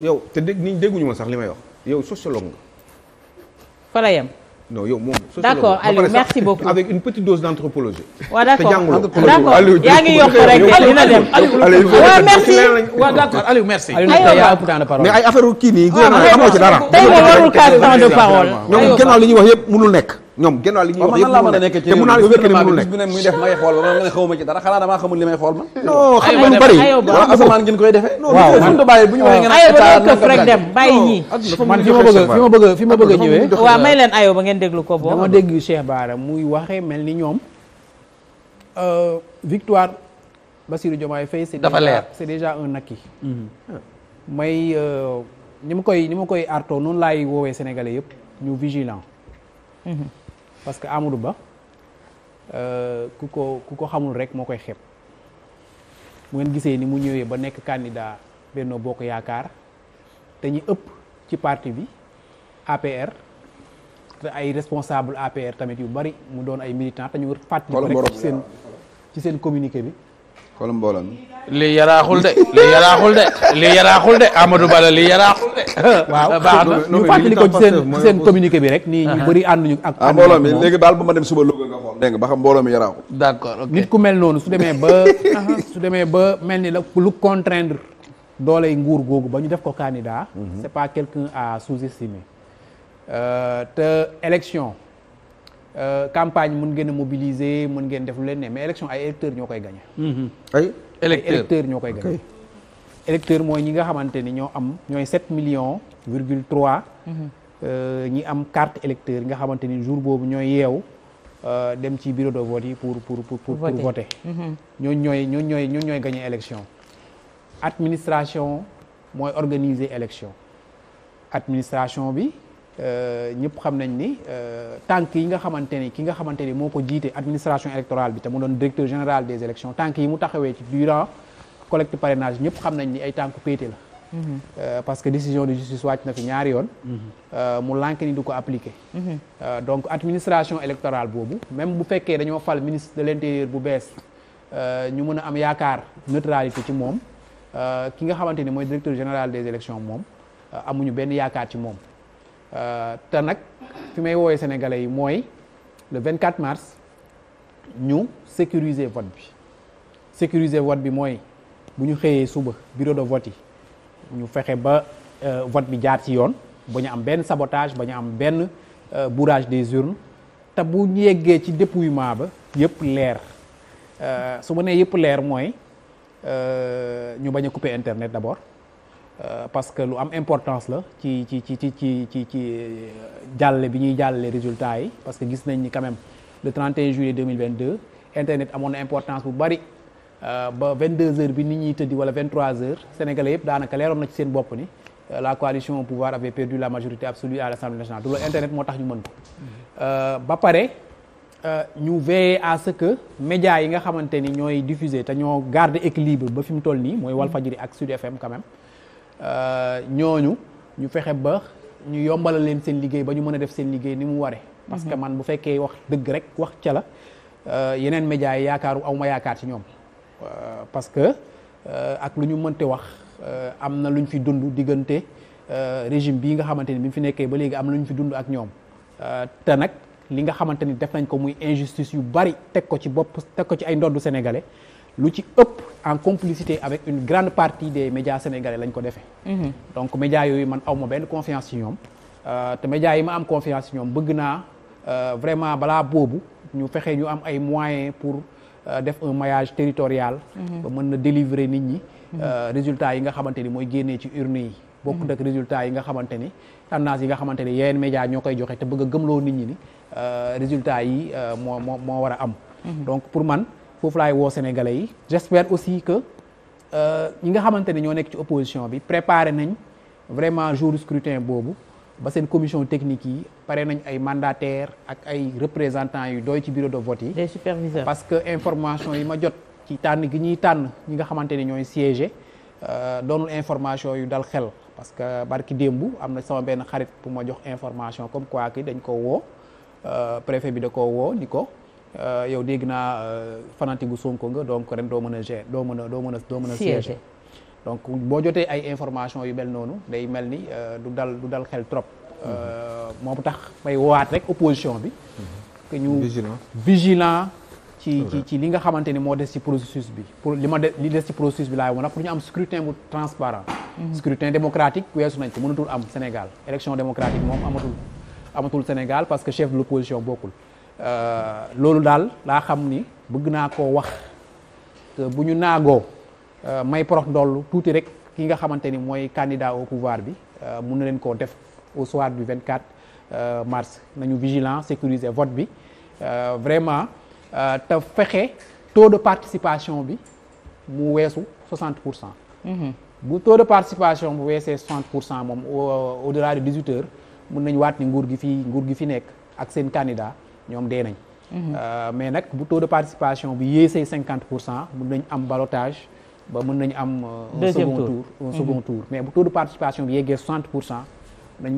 yow te dégg ni dégguñu ma sax li may wax yow sociologue nga. yem. non yow moom. d'accord Aliou merci beaucoup avec une petite dose d'anthropologie. waaw d'accord te jànguloo d'accord yaa ngi yokk rek dina dem Aliou waaw merci ay affaire kii nii. waaw amoo ci dara. tey li ñuy wax yëpp mënul nekk. ñoom genn wàll li ñuy wax yëpp mënul nekk te mën naa expliquer mënul nekk bis koy defee non ñu ko man fi ma bëgg fi ma bëgg fi ma bëgg a ñëwee waaw may leen ayo ba ngeen déglu ko boo dama dégg Cheikh Bara muy waxee mel ni ñoom victoire Bassirou Diomaye Faye c'est dafa leer c'est déjà un acquis may ni ma koy ni ma koy arto noonu laay woowee sénégalais yëpp ñu vigilant parce que Amadou Ba euh, ku ko ku ko xamul rek moo koy xeeb mu ngeen gisee ni mu ñëwee ba nekk candidat Benno Bokk Yaakaar te ñu ëpp ci parti bi APR te ay responsable APR tamit yu bari mu doon ay militant te ñu war fàttali ci seen ci seen communiqué bi xoolal mbooloo mi. lii yaraaxul de lii yaraaxul de lii yaraaxul de Amadou Bala lii yaraaxul de. waaw baax na ñu fàttali ko ci seen ci seen communiqué bi rek. nii ñu bëri ànduñu ak. ah mbooloo mi léegi daal ba ma dem suba Louga nga xool. dégg ba xam mbooloo mi yaraaxul. d'accord ok nit ku mel noonu su demee ba. su demee ba mel ni la lu contraindre dooley nguur googu ba ñu def ko candidat. Mhm. c'est pas quelqu'un à sous-estimer. Euh, te élection. Euh, campagne mun ngeen a mobiliser mun ngeen def lu leen ne mais élection ay électeurs ñoo koy gagné. Mhm. ay électeurs ñoo mooy ñi nga xamante ni ñoo am ñooy 7 millions virgule 3. Mhm. Euh, ñi am carte électeur nga xamante ni jour boobu ñooy yeew euh, dem ci bureau de vote yi pour pour pour pour voter. Mhm. ñooñu ñooy ñooñu ñooy ñooñu ñooy gagné élection. administration mooy organiser élection. administration bi. Euh, ñëpp xam nañ ni euh, tànk yi nga xamante ni ki nga xamante ni moo ko jiite administration électorale bi te mu doon directeur général des élections tànk yi mu taxawee ci durant collecte parrainage ñëpp xam nañ ni ay tànku péete la. Mhm. Euh, parce que décision de justice wàcc na fi ñaari yoon. Mhm. mu lànk ni du ko appliquer. Mhm. donc administration électorale boobu même bu fekkee dañoo fal ministre de l'intérieur bu bees ñu mën a am yaakaar neutralité ci moom ki nga xamante ni mooy directeur général des élections moom amuñu benn yaakaar ci moom. Euh, te nag fi may woowee sénégalais yi mooy le 24 mars ñu sécuriser vote bi sécuriser vote bi mooy bu ñu xëyee suba bureau de vote yi ñu fexe ba euh, vote bi jaar ci yoon ba ñu am benn sabotage ba ñu am benn euh, bourage des urnes te bu ñu yeggee ci dépouillement ba yëpp leer su ma nee yëpp leer mooy ñu bañ a couper internet d'abord Euh, parce que lu am importance la ci ci ci ci ci ci ci euh, jàlle bi ñuy jàlle résultats yi parce que gis nañ ni quand même le 31 juillet 2022 internet amoon na importance bu bari euh, ba 22 heures bi nit ñuy tëddi wala 23 heures sénégalais yëpp daanaka leeroon na ci seen bopp ni la coalition au pouvoir avait perdu la majorité absolue à l'Assemblée nationale du loolu internet moo tax ñu mën ko ba pare ñu veiller à ce que médias yi nga xamante ni ñooy diffuser te ñoo garder équilibre ba fi mu toll nii mooy Walfadjri ak Sud FM quand Euh, ñooñu ñu fexe ba ñu yombalal leen seen liggéey ba ñu mën a def seen liggéey ni mu waree. parce que mhm. man bu fekkee wax dëgg rek wax ca la euh, yeneen médias yi yaakaaru awma yaakaar ci ñoom euh, parce que ak lu ñu mënti wax am na lu ñu fi dund diggante régime bii nga xamante ni bi mu fi nekkee ba léegi am lu ñu fi dund ak ñoom te nag li nga xamante ni def nañ ko muy injustice yu bari teg ko ci bopp teg ko ci ay ndoddu sénégalais lu ci ëpp en complicité avec une grande partie des médias sénégalais lañ ko defee. Mhm. donc médias yooyu man aw ma benn confiance ci ñoom euh, te médias yi ma am confiance ci ñoom bëgg naa euh, vraiment balaa boobu ñu fexe ñu am ay moyens pour euh, def un maillage territorial. Mhm. ba mën na délivrer nit ñi. Mhm. résultats yi nga xamante ni mooy génnee ci urne yi. bokkut ak résultats yi nga xamante ni tendance yi nga xamante ni yeneen médias ñoo koy joxe te bëgg gëmloo nit ñi ni résultats yi moo moo moo war a am. foofu laay woo sénégalais yi j'espère aussi que euh, ñi nga xamante ne ñoo nekk ci opposition bi préparé nañ vraiment jour scrutin boobu ba seen commission technique yi pare nañ ay mandataires ak ay représentants yu dooy ci bureau de vote yi. des parce que information yi ma jot ci tànn gi ñuy tànn ñi nga xamante ne ñooy siégé euh, doonul information yu dal xel parce que barki démb am na sama benn xarit pour ma jox information comme quoi ki dañ ko woo euh, préfet bi da ko woo ni ko. Euh, yow dégg naa euh, fanatique gu Sonko nga donc ren doo mën a gérer doo mën a doo mën a doo mën a siéger donc boo jotee ay information yu mel noonu day mel ni euh, du dal du dal xel trop mhm. moom tax may waat rek opposition bi mhm. que ñu vigilant ci ci ci li nga xamante ni moo des ci processus bi pour li ma de li des ci processus bi pour ñu am scrutin bu transparent mhm. scrutin démocratique weesu nañ ko mënatul am Sénégal élection démocratique moom amatul amatul Sénégal parce que chef de l'opposition bokkul Euh, loolu daal laa xam ni bëgg naa koo wax bu ñu naagoo euh, may prox ndoll tuuti rek ki nga xamante ni mooy candidat au pouvoir bi euh, mun na leen koo def au soir du 24 mars nañu vigilant sécuriser vote bi vraiment te fexe taux de participation bi mu weesu 60 pour cent. Mm-hmm. bu taux de participation bu weesee 60 pour cent moom au delà de 18 heures mun nañu waat ni nguur gi fi nguur gi fi nekk ak seen candidat. ñoom dee nañ. Mhm. Euh, mais nag bu taux de participation bi yéesee cinquante pour cent mën nañ am ballottage ba mën nañ am. Euh, un tour un mhm. tour mais bu taux de participation bi yeggee soixante pour cent nañ mën